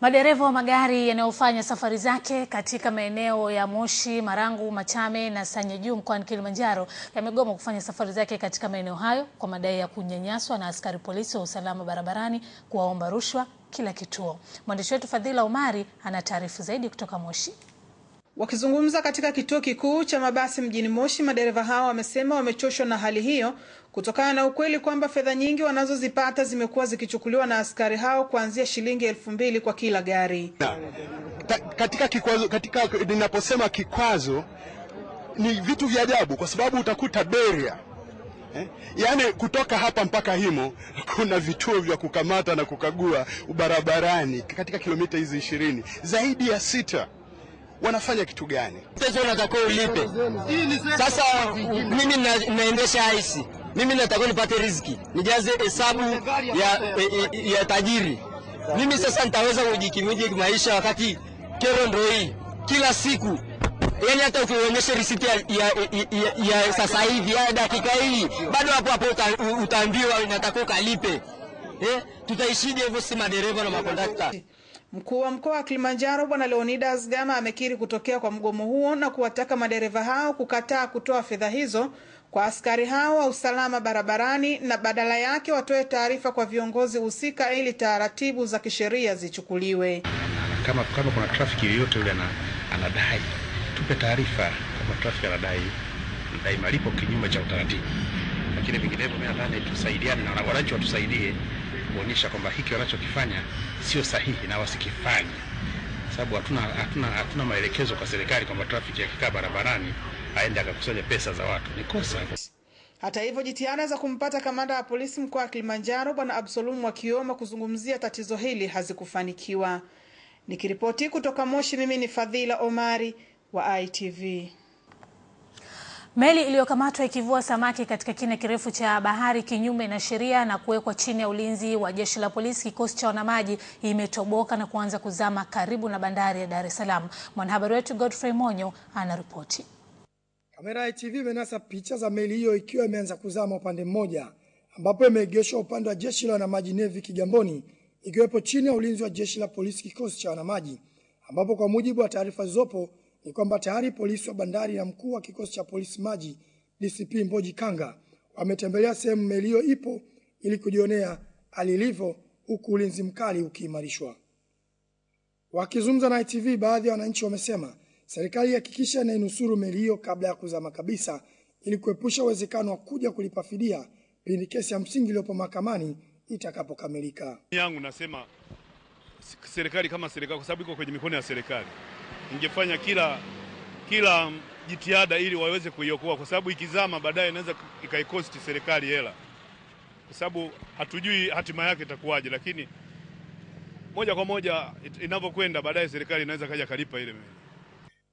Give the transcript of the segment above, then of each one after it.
Madereva wa magari yanayofanya safari zake katika maeneo ya Moshi, Marangu, Machame na Sanya Juu mkoani Kilimanjaro yamegoma kufanya safari zake katika maeneo hayo kwa madai ya kunyanyaswa na askari polisi wa usalama barabarani kuwaomba rushwa kila kituo. Mwandishi wetu Fadhila Omari ana taarifa zaidi kutoka Moshi. Wakizungumza katika kituo kikuu cha mabasi mjini Moshi, madereva hao wamesema wamechoshwa na hali hiyo kutokana na ukweli kwamba fedha nyingi wanazozipata zimekuwa zikichukuliwa na askari hao kuanzia shilingi elfu mbili kwa kila gari na, ta, katika kikwazo, katika ninaposema kikwazo ni vitu vya ajabu kwa sababu utakuta beria eh? Yaani kutoka hapa mpaka Himo kuna vituo vya kukamata na kukagua barabarani katika kilomita hizi ishirini zaidi ya sita wanafanya kitu gani? Pesa unatakiwa ulipe. Sasa mimi naendesha aisi mimi nataka nipate riziki, nijaze hesabu ya, ya, eh, eh, ya tajiri. Mimi sasa nitaweza kujikimuje maisha wakati kero ndio hii kila siku yaani hata ukionyesha risiti ya, ya, ya, ya sasa hivi ya dakika hii bado hapo hapo utaambiwa inatakiwa ukalipe. Eh, tutaishije hivyo? Si madereva na makondakta. Mkuu wa mkoa wa Kilimanjaro Bwana Leonidas Gama amekiri kutokea kwa mgomo huo na kuwataka madereva hao kukataa kutoa fedha hizo kwa askari hao wa usalama barabarani na badala yake watoe taarifa kwa viongozi husika ili taratibu za kisheria zichukuliwe. Kama, kama kuna trafiki yoyote yule anadai, tupe taarifa. Kama trafiki anadai dai malipo kinyume cha utaratibu, lakini vinginevyo, mimi nadhani tusaidiane na wananchi watusaidie kuonyesha kwamba hiki wanachokifanya sio sahihi na wasikifanye, sababu hatuna hatuna hatuna maelekezo kwa serikali kwamba trafiki akikaa barabarani aende akakusanya pesa za watu, ni kosa. Hata hivyo jitihada za kumpata kamanda wa polisi mkoa wa Kilimanjaro Bwana Absolumu wakioma kuzungumzia tatizo hili hazikufanikiwa. Nikiripoti kutoka Moshi, mimi ni Fadhila Omari wa ITV. Meli iliyokamatwa ikivua samaki katika kina kirefu cha bahari kinyume na sheria na kuwekwa chini ya ulinzi wa jeshi la polisi kikosi cha wanamaji imetoboka na kuanza kuzama karibu na bandari ya Dar es Salaam. Mwanahabari wetu Godfrey Monyo anaripoti. Kamera ya TV imenasa picha za meli hiyo ikiwa imeanza kuzama upande mmoja, ambapo imeegeshwa upande wa jeshi la wanamaji nevi Kigamboni, ikiwepo chini ya ulinzi wa jeshi la polisi kikosi cha wanamaji, ambapo kwa mujibu wa taarifa zilizopo ni kwamba tayari polisi wa bandari na mkuu wa kikosi cha polisi maji DCP Mboji Kanga wametembelea sehemu meli hiyo ipo ili kujionea alilivyo, huku ulinzi mkali ukiimarishwa. Wakizungumza na ITV, baadhi ya wananchi wamesema serikali hakikisha inainusuru meli hiyo kabla ya kuzama kabisa, ili kuepusha uwezekano wa kuja kulipa fidia pindi kesi ya msingi iliyopo mahakamani itakapokamilika. yangu nasema serikali kama serikali, kwa sababu iko kwenye mikono ya serikali, ingefanya kila kila jitihada ili waweze kuiokoa, kwa sababu ikizama baadaye inaweza ikaikosti serikali hela, kwa sababu hatujui hatima yake itakuwaje, lakini moja kwa moja inavyokwenda baadaye serikali inaweza kaja kalipa ile meli.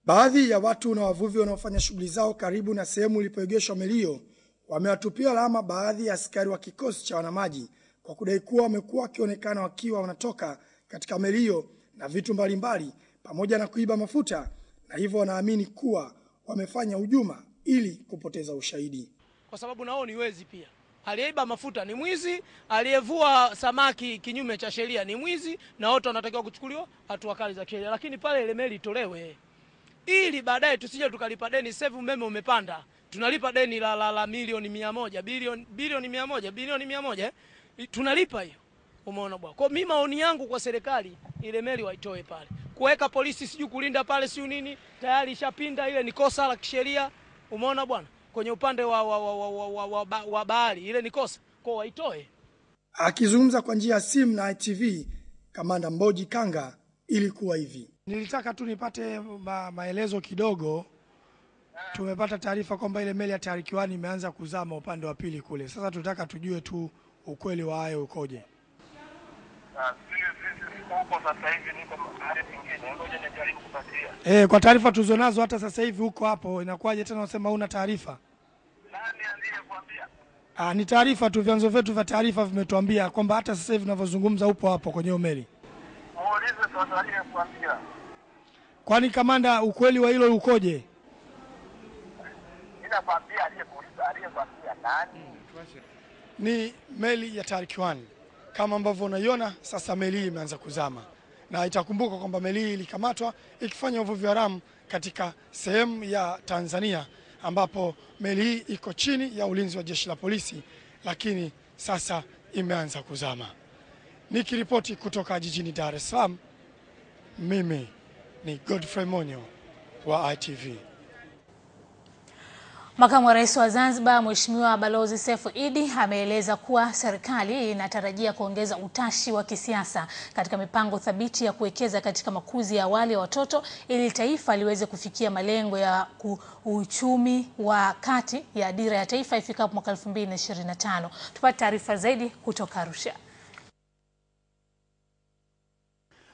Baadhi ya watu na wavuvi wanaofanya shughuli zao karibu na sehemu ilipoegeshwa meli hiyo wamewatupia lawama baadhi ya askari wa kikosi cha wanamaji kwa kudai kuwa wamekuwa wakionekana wakiwa wanatoka katika meli hiyo na vitu mbalimbali mbali, pamoja na kuiba mafuta na hivyo wanaamini kuwa wamefanya hujuma ili kupoteza ushahidi, kwa sababu nao ni wezi pia. Aliyeiba mafuta ni mwizi, aliyevua samaki kinyume cha sheria ni mwizi, na wote wanatakiwa kuchukuliwa hatua kali za kisheria, lakini pale ile meli itolewe ili baadaye tusije tukalipa deni. Sasa umeme umepanda, tunalipa deni la, la, la milioni mia moja bilioni bilioni mia moja bilioni mia moja eh? tunalipa hiyo, umeona bwana. Kwa mimi maoni yangu kwa serikali, ile meli waitoe pale, kuweka polisi sijui kulinda pale siu nini, tayari ishapinda ile, ni kosa la kisheria, umeona bwana, kwenye upande wa, wa, wa, wa, wa, wa, wa, wa bahari ile ni kosa, kwa waitoe. Akizungumza kwa njia ya simu na ITV, kamanda Mboji Kanga ilikuwa hivi. Nilitaka tu nipate ma, maelezo kidogo. Tumepata taarifa kwamba ile meli ya Tariq imeanza kuzama upande wa pili kule. Sasa tunataka tujue tu ukweli wa hayo ukoje. Eh, kwa taarifa tulizonazo hata sasa hivi huko hapo inakuwaje tena unasema una taarifa? Ah, ni taarifa tu, vyanzo vyetu vya taarifa vimetuambia kwamba hata sasa hivi tunavyozungumza upo hapo kwenye meli. Tanzania kuambia. Kwani kamanda, ukweli wa hilo ukoje? Ninakwambia aliyekuuliza aliyekwambia nani? Mm, Ni meli ya Tariq One kama ambavyo unaiona sasa, meli hii imeanza kuzama na itakumbuka kwamba meli hii ilikamatwa ikifanya uvuvi haramu katika sehemu ya Tanzania ambapo meli hii iko chini ya ulinzi wa jeshi la polisi, lakini sasa imeanza kuzama. Nikiripoti kutoka jijini Dar es Salaam. Mimi ni Godfrey Monyo wa ITV. Makamu wa Rais wa Zanzibar Mheshimiwa Balozi sefu Idi ameeleza kuwa serikali inatarajia kuongeza utashi wa kisiasa katika mipango thabiti ya kuwekeza katika makuzi ya awali ya watoto ili taifa liweze kufikia malengo ya uchumi wa kati ya dira ya taifa ifikapo mwaka 2025. Tupate taarifa zaidi kutoka Arusha.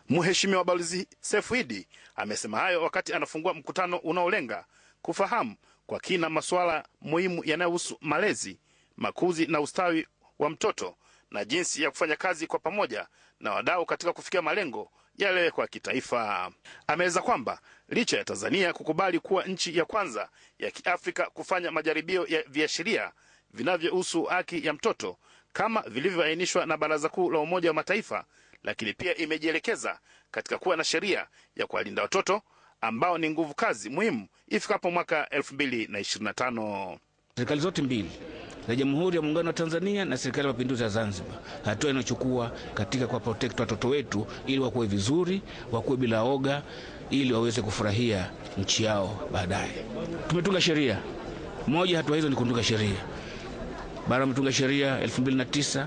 Mheshimiwa Balozi Sefuidi amesema hayo wakati anafungua mkutano unaolenga kufahamu kwa kina masuala muhimu yanayohusu malezi, makuzi na ustawi wa mtoto na jinsi ya kufanya kazi kwa pamoja na wadau katika kufikia malengo yaliyowekwa kitaifa. Ameeleza kwamba licha ya Tanzania kukubali kuwa nchi ya kwanza ya Kiafrika kufanya majaribio ya viashiria vinavyohusu haki ya mtoto kama vilivyoainishwa na Baraza Kuu la Umoja wa Mataifa lakini pia imejielekeza katika kuwa na sheria ya kuwalinda watoto ambao ni nguvu kazi muhimu ifikapo mwaka 2025. Serikali zote mbili za Jamhuri ya Muungano wa Tanzania na Serikali ya Mapinduzi ya Zanzibar, hatua inayochukua katika kuwa protect watoto wetu ili wakuwe vizuri, wakuwe bila oga, ili waweze kufurahia nchi yao baadaye. Tumetunga sheria moja, hatua hizo ni kutunga sheria bara, ametunga sheria 2009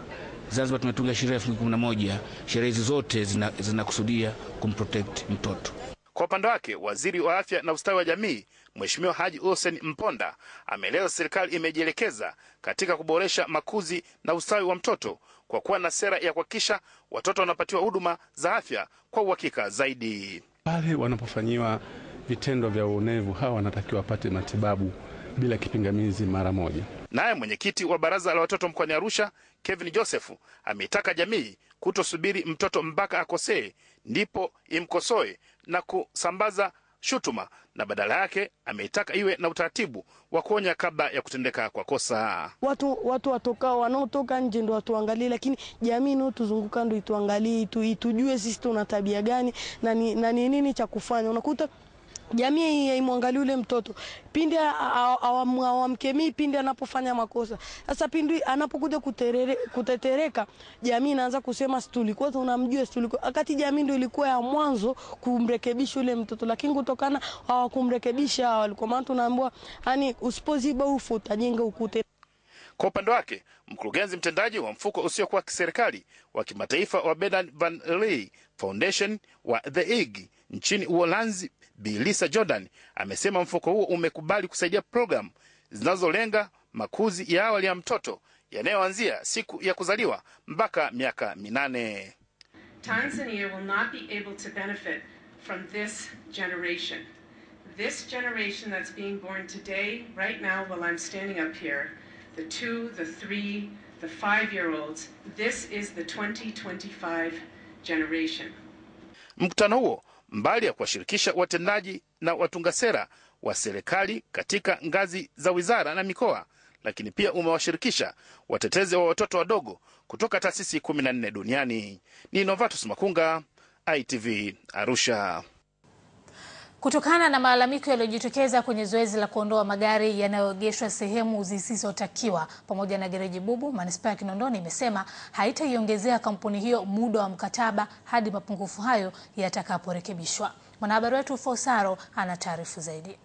Zanzibar tumetunga sheria elfu mbili kumi na moja. Sheria hizi zote zinakusudia zina kumprotect mtoto. Kwa upande wake waziri wa afya na ustawi wa jamii Mheshimiwa Haji Hussein Mponda ameeleza serikali imejielekeza katika kuboresha makuzi na ustawi wa mtoto kwa kuwa na sera ya kuhakikisha watoto wanapatiwa huduma za afya kwa uhakika zaidi. Pale wanapofanyiwa vitendo vya uonevu, hawa wanatakiwa wapate matibabu bila kipingamizi mara moja. Naye mwenyekiti wa baraza la watoto mkoani Arusha Kevin Joseph ameitaka jamii kutosubiri mtoto mpaka akosee ndipo imkosoe na kusambaza shutuma, na badala yake ameitaka iwe na utaratibu wa kuonya kabla ya kutendeka kwa kosa. Watu watu watokao wanaotoka nje ndo watuangalie, lakini jamii inayotuzunguka ndo ituangalie, itu, itujue sisi tuna tabia gani na ni nini cha kufanya. Unakuta Jamii hii haimwangalii yule mtoto pindi awamkemii, pindi anapofanya makosa. Sasa pindi anapokuja kutetereka, jamii inaanza kusema si tulikuwa tunamjua, si tulikuwa, wakati jamii ndio ilikuwa ya mwanzo kumrekebisha yule mtoto, lakini kutokana hawakumrekebisha walikuwa, maana tunaambiwa yani, usipoziba ufu utajenga ukute. Kwa upande wake mkurugenzi mtendaji wa mfuko usiokuwa wa kiserikali wa kimataifa wa Bernard Van Lee Foundation wa The Hague nchini Uholanzi Bilisa Jordan amesema mfuko huo umekubali kusaidia programu zinazolenga makuzi ya awali ya mtoto yanayoanzia siku ya kuzaliwa mpaka miaka minane. Tanzania will not be able to benefit from this generation. This generation that's being born today, right now, while I'm standing up here, the two, the three, the five-year-olds, this is the 2025 generation. Mkutano huo mbali ya kuwashirikisha watendaji na watunga sera wa serikali katika ngazi za wizara na mikoa, lakini pia umewashirikisha watetezi wa watoto wadogo kutoka taasisi 14 duniani. Ni Novatus Makunga, ITV Arusha. Kutokana na malalamiko yaliyojitokeza kwenye zoezi la kuondoa magari yanayoegeshwa sehemu zisizotakiwa pamoja na gereji bubu, manispaa ya Kinondoni imesema haitaiongezea kampuni hiyo muda wa mkataba hadi mapungufu hayo yatakaporekebishwa. Mwanahabari wetu Fosaro ana taarifu zaidi.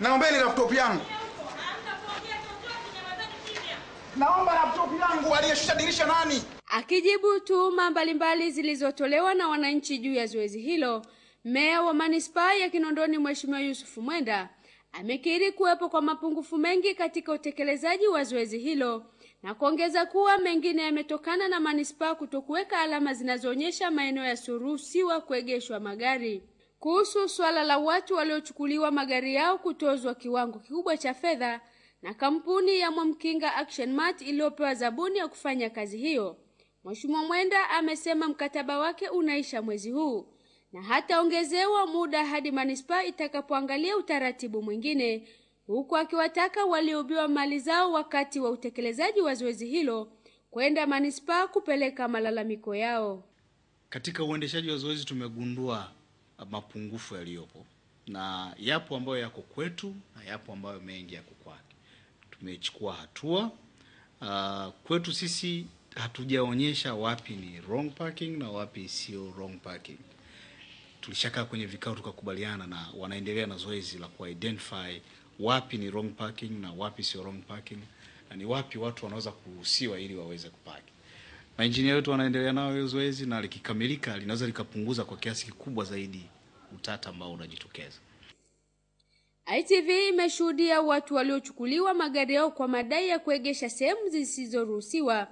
Naombeni laptop yangu. Naomba laptop yangu. Aliyeshusha dirisha nani? Akijibu tuhuma mbalimbali zilizotolewa na wananchi juu ya zoezi hilo, meya wa manispaa ya Kinondoni Mheshimiwa Yusufu Mwenda amekiri kuwepo kwa mapungufu mengi katika utekelezaji wa zoezi hilo na kuongeza kuwa mengine yametokana na manispaa kutokuweka alama zinazoonyesha maeneo yasiyoruhusiwa kuegeshwa magari. Kuhusu suala la watu waliochukuliwa magari yao kutozwa kiwango kikubwa cha fedha na kampuni ya Mwamkinga Action Mart iliyopewa zabuni ya kufanya kazi hiyo. Mheshimiwa Mwenda amesema mkataba wake unaisha mwezi huu na hataongezewa muda hadi manispaa itakapoangalia utaratibu mwingine, huku akiwataka walioubiwa mali zao wakati wa utekelezaji wa zoezi hilo kwenda manispaa kupeleka malalamiko yao. Katika uendeshaji wa zoezi tumegundua uh, mapungufu yaliyopo, na yapo ambayo yako kwetu na yapo ambayo mengi yako kwake tumechukua hatua. Uh, kwetu sisi hatujaonyesha wapi ni wrong parking na wapi sio wrong parking. Tulishakaa kwenye vikao tukakubaliana, na wanaendelea na zoezi la ku identify wapi ni wrong parking na wapi sio wrong parking na ni wapi watu wanaweza kuruhusiwa ili waweze kupaki. Maengineer wetu wanaendelea nao hiyo zoezi, na likikamilika linaweza likapunguza kwa kiasi kikubwa zaidi utata ambao unajitokeza. ITV imeshuhudia watu waliochukuliwa magari yao kwa madai ya kuegesha sehemu zisizoruhusiwa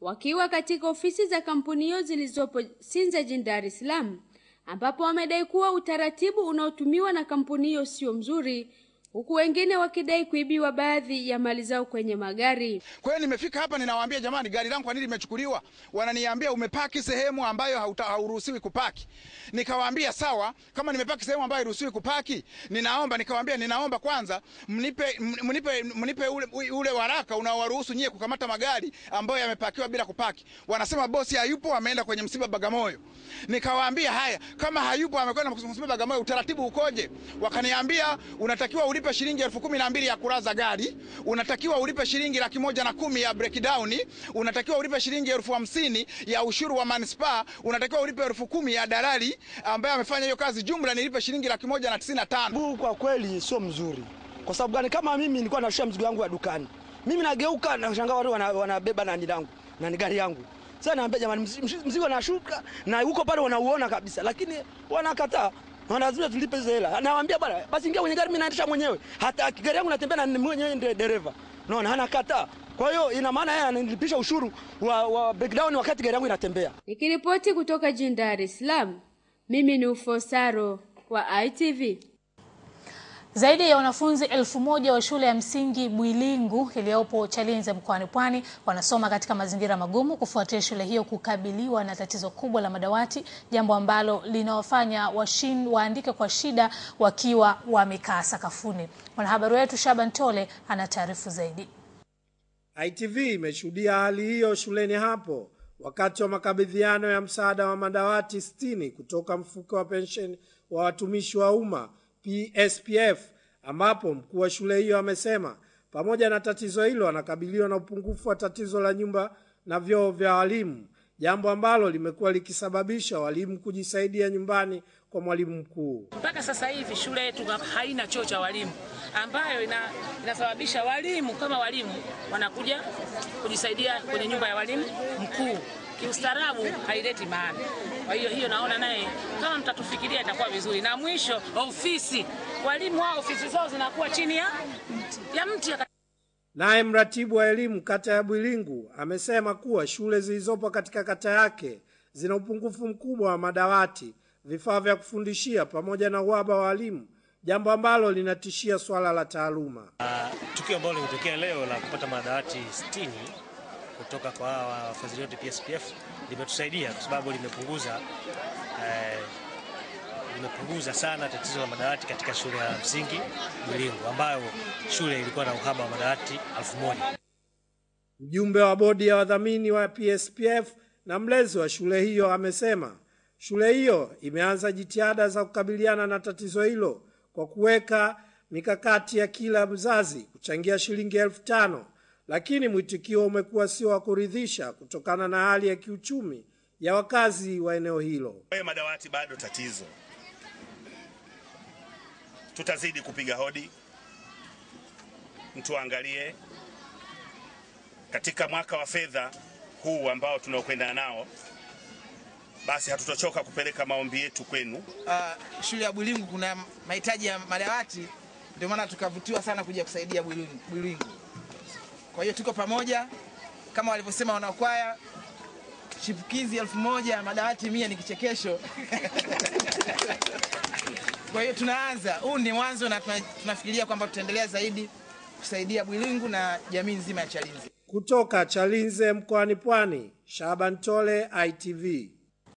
wakiwa katika ofisi za kampuni hiyo zilizopo Sinza jijini Dar es Salaam ambapo wamedai kuwa utaratibu unaotumiwa na kampuni hiyo sio mzuri huku wengine wakidai kuibiwa baadhi ya mali zao kwenye magari. Kwa hiyo nimefika hapa, ninawaambia jamani, gari langu kwa nini limechukuliwa? Wananiambia umepaki sehemu ambayo hauruhusiwi kupaki. Nikawaambia sawa, kama nimepaki sehemu ambayo hairuhusiwi kupaki, ninaomba nikawaambia, ninaomba kwanza mnipe mnipe mnipe ule, ule waraka unaowaruhusu nyie kukamata magari ambayo yamepakiwa bila kupaki. Wanasema bosi hayupo, ameenda kwenye msiba Bagamoyo. Nikawaambia haya, kama hayupo amekwenda msiba Bagamoyo, utaratibu ukoje? Wakaniambia unatakiwa ulipe ulipe shilingi elfu kumi na mbili ya kuraza gari, unatakiwa ulipe shilingi laki moja na kumi ya breakdown, unatakiwa ulipe shilingi elfu hamsini ya ushuru wa manispaa, unatakiwa ulipe elfu kumi ya dalali ambaye amefanya hiyo kazi, jumla nilipe shilingi laki moja na tisini na tano. Kwa kweli sio mzuri. Kwa sababu gani? Kama mimi nilikuwa nashusha mzigo wangu ya dukani, mimi nageuka na shangaa watu wanabeba nani langu na ni gari yangu. Sasa naambia jamani, mzigo nashuka na huko pale wanauona kabisa, lakini wanakataa wanazuia tulipe hizo hela. Nawaambia bwana, basi ingia kwenye gari, mimi naendesha mwenyewe, hata gari yangu natembea na mwenyewe, ndiye dereva. Unaona, anakataa. Kwa hiyo ina maana yeye ananilipisha ushuru wa, wa breakdown wakati gari yangu inatembea. Nikiripoti kutoka jijini Dar es Salaam, mimi ni Ufosaro wa ITV. Zaidi ya wanafunzi elfu moja wa shule ya msingi Bwilingu iliyopo Chalinze mkoani Pwani wanasoma katika mazingira magumu kufuatia shule hiyo kukabiliwa na tatizo kubwa la madawati, jambo ambalo linawafanya washin waandike kwa shida wakiwa wamekaa sakafuni. Mwanahabari wetu Shaban Tole ana taarifu zaidi. ITV imeshuhudia hali hiyo shuleni hapo wakati wa makabidhiano ya msaada wa madawati 60 kutoka mfuko wa pensheni wa watumishi wa umma PSPF ambapo mkuu wa shule hiyo amesema pamoja na tatizo hilo anakabiliwa na upungufu wa tatizo la nyumba na vyoo vya walimu, jambo ambalo limekuwa likisababisha walimu kujisaidia nyumbani kwa mwalimu mkuu. Mpaka sasa hivi shule yetu haina choo cha walimu, ambayo ina, inasababisha walimu kama walimu wanakuja kujisaidia kwenye nyumba ya walimu mkuu kiustarabu haileti maana. Kwa hiyo hiyo naona naye kama mtatufikiria itakuwa vizuri. Na mwisho ofisi, walimu wao ofisi zao zinakuwa chini ya ya mti. ya Naye mratibu wa elimu kata ya Bwilingu amesema kuwa shule zilizopo katika kata yake zina upungufu mkubwa wa madawati, vifaa vya kufundishia pamoja na uhaba wa walimu, jambo ambalo linatishia swala la taaluma. Uh, tukio ambalo limetokea leo la kupata madawati kutoka kwa hawa wafadhili wote PSPF limetusaidia kwa sababu limepunguza eh, limepunguza sana tatizo la madawati katika shule ya msingi Mwilingo ambayo shule ilikuwa na uhaba wa madawati elfu moja. Mjumbe wa bodi ya wadhamini wa PSPF na mlezi wa shule hiyo amesema shule hiyo imeanza jitihada za kukabiliana na tatizo hilo kwa kuweka mikakati ya kila mzazi kuchangia shilingi elfu tano lakini mwitikio umekuwa sio wa kuridhisha kutokana na hali ya kiuchumi ya wakazi wa eneo hilo. Hayo madawati bado tatizo, tutazidi kupiga hodi. Mtuangalie katika mwaka wa fedha huu ambao tunaokwenda nao, basi hatutochoka kupeleka maombi yetu kwenu. Uh, shule ya Bwilingu kuna mahitaji ya madawati, ndio maana tukavutiwa sana kuja kusaidia Bwilingu. Kwa hiyo tuko pamoja kama walivyosema wanakwaya, chipukizi elfu moja madawati mia ni kichekesho kwa hiyo tunaanza, huu ni mwanzo na tunafikiria kwamba tutaendelea zaidi kusaidia Bwilingu na jamii nzima ya Chalinze. Kutoka Chalinze mkoani Pwani, Shaban Tole, ITV.